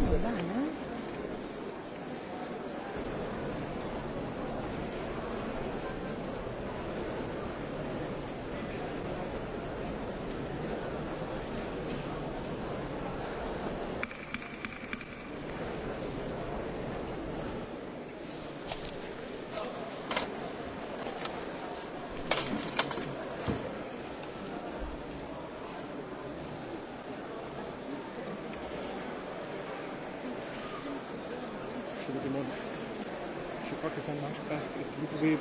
non va, no? Mannschaft irgendwie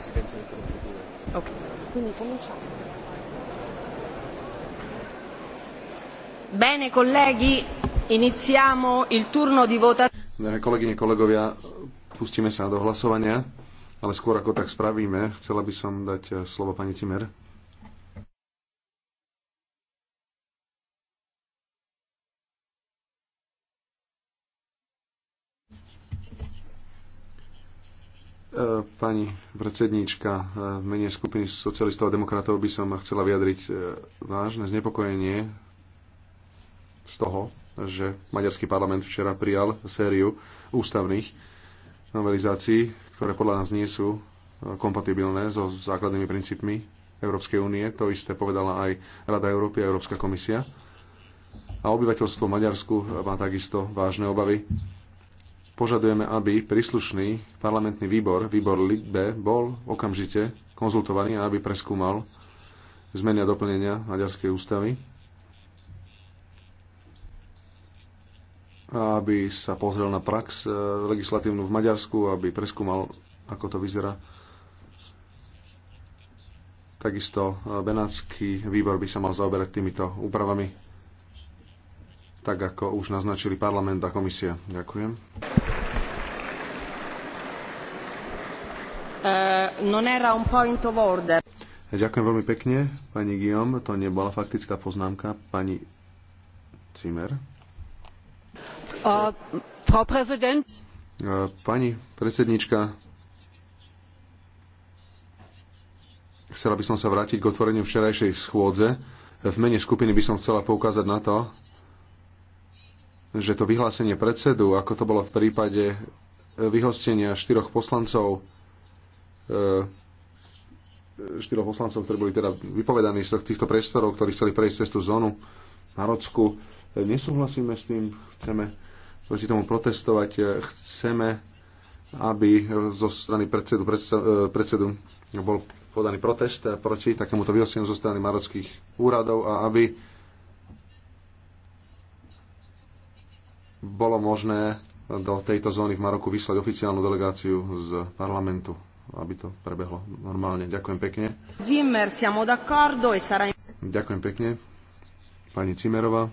Presidenza del gruppo 2. Ok, quindi cominciamo. Bene, colleghi, iniziamo il turno di votazione. Bene, colleghi e kolegovia, pustime sa do hlasovania, ale skôr ako tak spravíme, chcela by som dať eh, slovo pani Cimer. E, pani predsedníčka, e, v mene skupiny socialistov a demokratov by som chcela vyjadriť e, vážne znepokojenie z toho, že maďarský parlament včera prijal sériu ústavných novelizácií, ktoré podľa nás nie sú kompatibilné so základnými princípmi Európskej únie. To isté povedala aj Rada Európy a Európska komisia. A obyvateľstvo v Maďarsku má takisto vážne obavy požadujeme, aby príslušný parlamentný výbor, výbor LIBE, bol okamžite konzultovaný a aby preskúmal zmeny a doplnenia Maďarskej ústavy a aby sa pozrel na prax eh, legislatívnu v Maďarsku, aby preskúmal, ako to vyzerá. Takisto eh, Benátsky výbor by sa mal zaoberať týmito úpravami, tak ako už naznačili parlament a komisia. Ďakujem. Eh, non era un point of order. Ďakujem veľmi pekne, pani Guillaume. To nebola faktická poznámka. Pani Cimer. Uh, eh, Frau Präsident. Eh, pani predsednička, chcela by som sa vrátiť k otvoreniu včerajšej schôdze. V mene skupiny by som chcela poukázať na to, že to vyhlásenie predsedu, ako to bolo v prípade vyhostenia štyroch poslancov E, štyroch poslancov, ktorí boli teda vypovedaní z týchto priestorov, ktorí chceli prejsť cez tú zónu Rocku. E, nesúhlasíme s tým, chceme proti tomu protestovať, e, chceme, aby zo strany predsedu, predsedu, predsedu bol podaný protest proti takémuto vyhosteniu zo strany marockých úradov a aby bolo možné do tejto zóny v Maroku vyslať oficiálnu delegáciu z parlamentu aby to prebehlo normálne. Ďakujem pekne. Zimmer, siamo d'accordo e sarà... Ďakujem pekne. Pani Cimerová,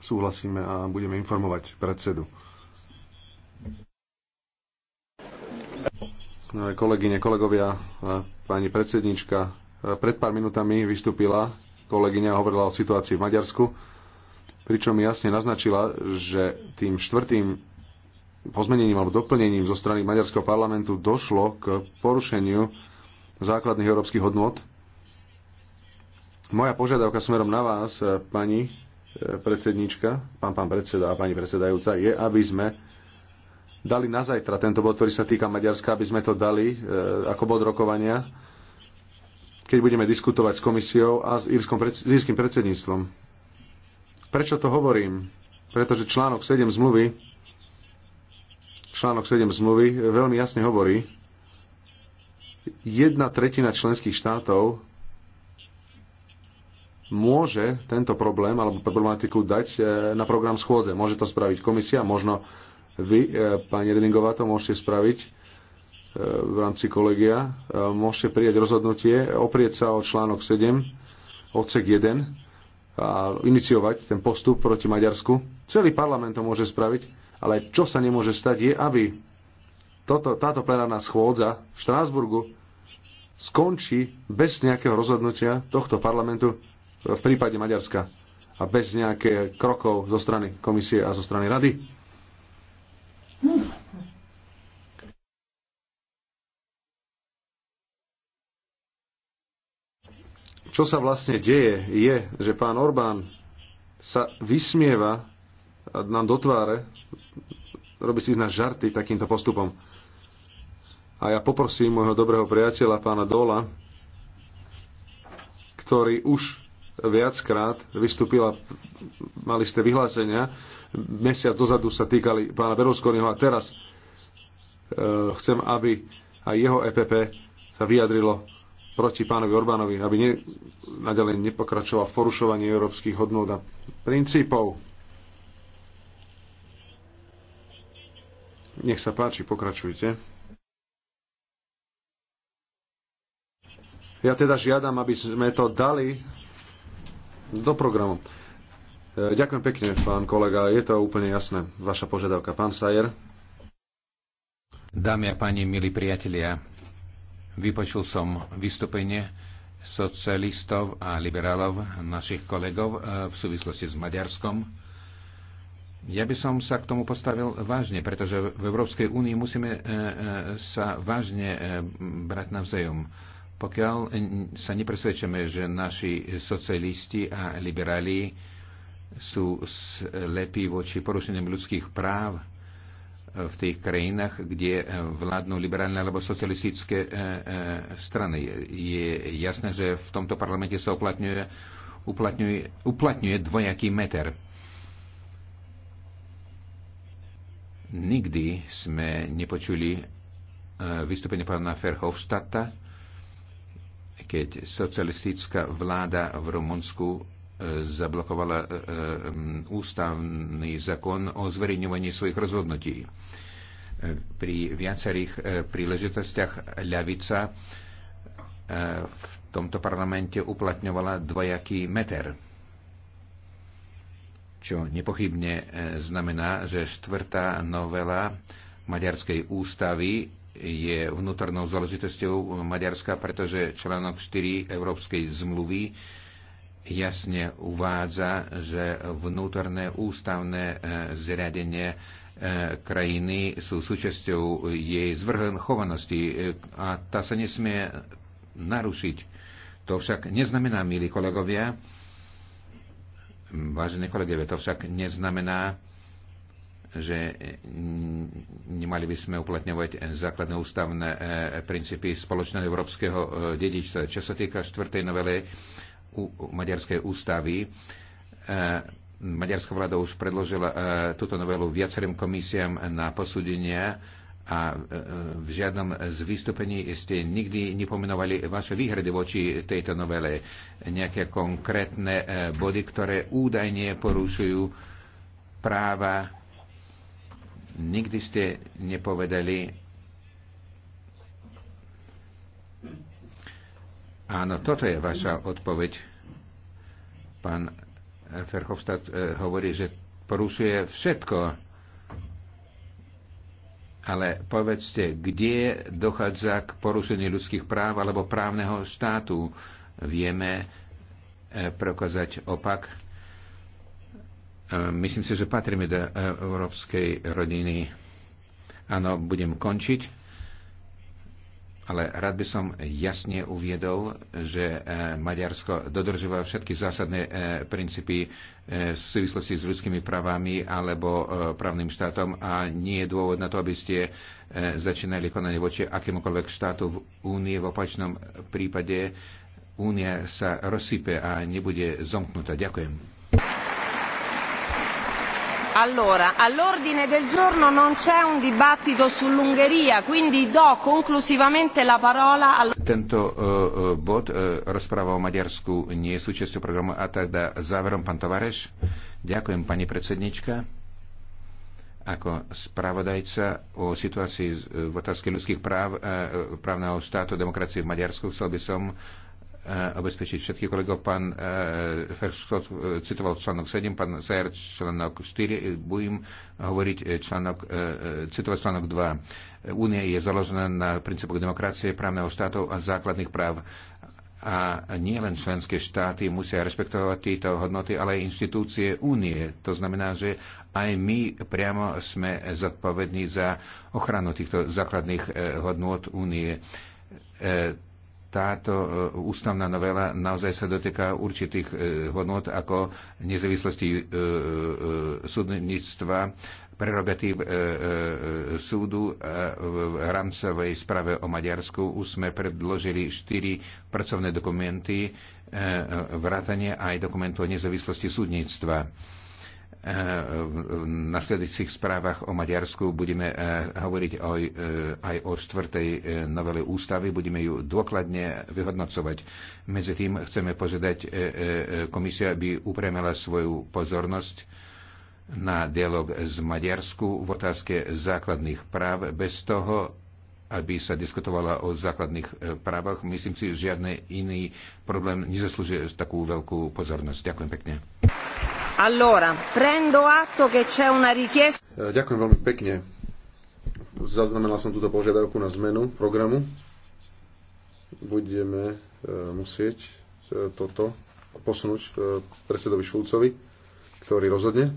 súhlasíme a budeme informovať predsedu. Kolegyne, kolegovia, pani predsednička, pred pár minutami vystúpila kolegyňa a hovorila o situácii v Maďarsku, pričom jasne naznačila, že tým štvrtým pozmenením alebo doplnením zo strany Maďarského parlamentu došlo k porušeniu základných európskych hodnot. Moja požiadavka smerom na vás, eh, pani eh, predsedníčka, pán, pán predseda a pani predsedajúca, je, aby sme dali na zajtra tento bod, ktorý sa týka Maďarska, aby sme to dali e, ako bod rokovania, keď budeme diskutovať s komisiou a s írskom, s írským predsedníctvom. Prečo to hovorím? Pretože článok 7 zmluvy článok 7 zmluvy veľmi jasne hovorí, jedna tretina členských štátov môže tento problém alebo problematiku dať e, na program schôdze. Môže to spraviť komisia, možno vy, e, pani Redingová, to môžete spraviť e, v rámci kolegia. Môžete prijať rozhodnutie, oprieť sa o článok 7, odsek 1 a iniciovať ten postup proti Maďarsku. Celý parlament to môže spraviť ale čo sa nemôže stať je, aby toto, táto plenárna schôdza v Štrásburgu skončí bez nejakého rozhodnutia tohto parlamentu v prípade Maďarska a bez nejakých krokov zo strany komisie a zo strany rady. Čo sa vlastne deje, je, že pán Orbán sa vysmieva nám do tváre, robí si z nás žarty takýmto postupom. A ja poprosím môjho dobrého priateľa, pána Dola, ktorý už viackrát vystúpila, mali ste vyhlásenia, mesiac dozadu sa týkali pána Berlusconiho a teraz e, chcem, aby aj jeho EPP sa vyjadrilo proti pánovi Orbánovi, aby ne, nadalej nepokračoval v porušovaní európskych hodnôt a princípov. Nech sa páči, pokračujte. Ja teda žiadam, aby sme to dali do programu. E, ďakujem pekne, pán kolega. Je to úplne jasné, vaša požiadavka. Pán Sajer. Dámy a páni, milí priatelia, vypočul som vystúpenie socialistov a liberálov, našich kolegov e, v súvislosti s Maďarskom ja by som sa k tomu postavil vážne, pretože v Európskej únii musíme e, e, sa vážne e, brať navzájom. Pokiaľ sa nepresvedčíme, že naši socialisti a liberáli sú slepí voči porušeniam ľudských práv v tých krajinách, kde vládnu liberálne alebo socialistické strany. Je jasné, že v tomto parlamente sa uplatňuje, uplatňuje, uplatňuje dvojaký meter Nikdy sme nepočuli e, vystúpenie pána Ferhofstata, keď socialistická vláda v Rumunsku e, zablokovala e, ústavný zákon o zverejňovaní svojich rozhodnutí. Pri viacerých príležitostiach ľavica v tomto parlamente uplatňovala dvojaký meter čo nepochybne e, znamená, že štvrtá novela maďarskej ústavy je vnútornou záležitosťou Maďarska, pretože článok 4 Európskej zmluvy jasne uvádza, že vnútorné ústavné e, zriadenie e, krajiny sú súčasťou jej zvrchovanosti a tá sa nesmie narušiť. To však neznamená, milí kolegovia, Vážení kolegovia, to však neznamená, že nemali by sme uplatňovať základné ústavné e, princípy spoločného európskeho e, dedičstva. Čo sa týka štvrtej novele maďarskej ústavy, e, maďarská vláda už predložila túto novelu viacerým komisiám na posúdenia a e, e, v žiadnom z vystúpení ste nikdy nepomenovali vaše výhrady voči tejto novele, nejaké konkrétne e, body, ktoré údajne porušujú práva. Nikdy ste nepovedali. Áno, toto je vaša odpoveď. Pán Ferhofstadt hovorí, že porušuje všetko ale povedzte, kde dochádza k porušeniu ľudských práv alebo právneho štátu? Vieme e, prokázať opak? E, myslím si, že patríme do e, európskej rodiny. Áno, budem končiť ale rád by som jasne uviedol, že e, Maďarsko dodržuje všetky zásadné e, princípy e, v súvislosti s ľudskými právami alebo právnym štátom a nie je dôvod na to, aby ste začínali konanie voči akémukoľvek štátu v únie. V opačnom prípade únia sa rozsype a nebude zomknutá. Ďakujem. Allora, all'ordine del giorno non c'è un dibattito sull'Ungheria, quindi do conclusivamente la parola al... Tento uh, bod, uh, rozpráva o Maďarsku, nie je súčasťou programu a teda záverom, pán Tovareš. Ďakujem, pani predsednička. Ako spravodajca o situácii v otázke ľudských práv, právneho štátu, demokracie v Maďarsku, chcel by som obezpečiť eh, všetkých kolegov. Pán eh, Ferskot Ferškot eh, citoval článok 7, pán Zajer článok 4, budem hovoriť článok, citovať článok 2. Únia je založená na princípoch demokracie, právneho štátu a základných práv a nie len členské štáty musia rešpektovať tieto hodnoty, ale aj inštitúcie únie. To znamená, že aj my priamo sme zodpovední za ochranu týchto základných hodnot únie táto e, ústavná novela naozaj sa dotýka určitých e, hodnot ako nezávislosti e, súdnictva, prerogatív súdu v rámcovej sprave o Maďarsku. Už sme predložili štyri pracovné dokumenty, vrátanie aj dokumentu o nezávislosti súdnictva Eh, v nasledujúcich správach o Maďarsku budeme eh, hovoriť aj, eh, aj o štvrtej novele ústavy, budeme ju dôkladne vyhodnocovať. Medzi tým chceme požiadať komisiu, aby upremila svoju pozornosť na dialog z Maďarsku v otázke základných práv bez toho, aby sa diskutovala o základných právach. Myslím si, že žiadny iný problém nezaslúži takú veľkú pozornosť. Ďakujem pekne. Allora, prendo atto che c'è una richiesta... E, ďakujem veľmi pekne. Zaznamenal som túto požiadavku na zmenu programu. Budeme e, musieť e, toto posunúť predsedovi Šulcovi, ktorý rozhodne.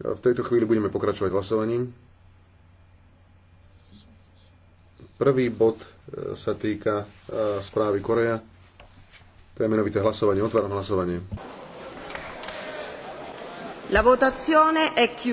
V tejto chvíli budeme pokračovať hlasovaním. Prvý bod sa týka správy Korea. To je menovité hlasovanie. Otváram hlasovanie. La votazione è chiusa.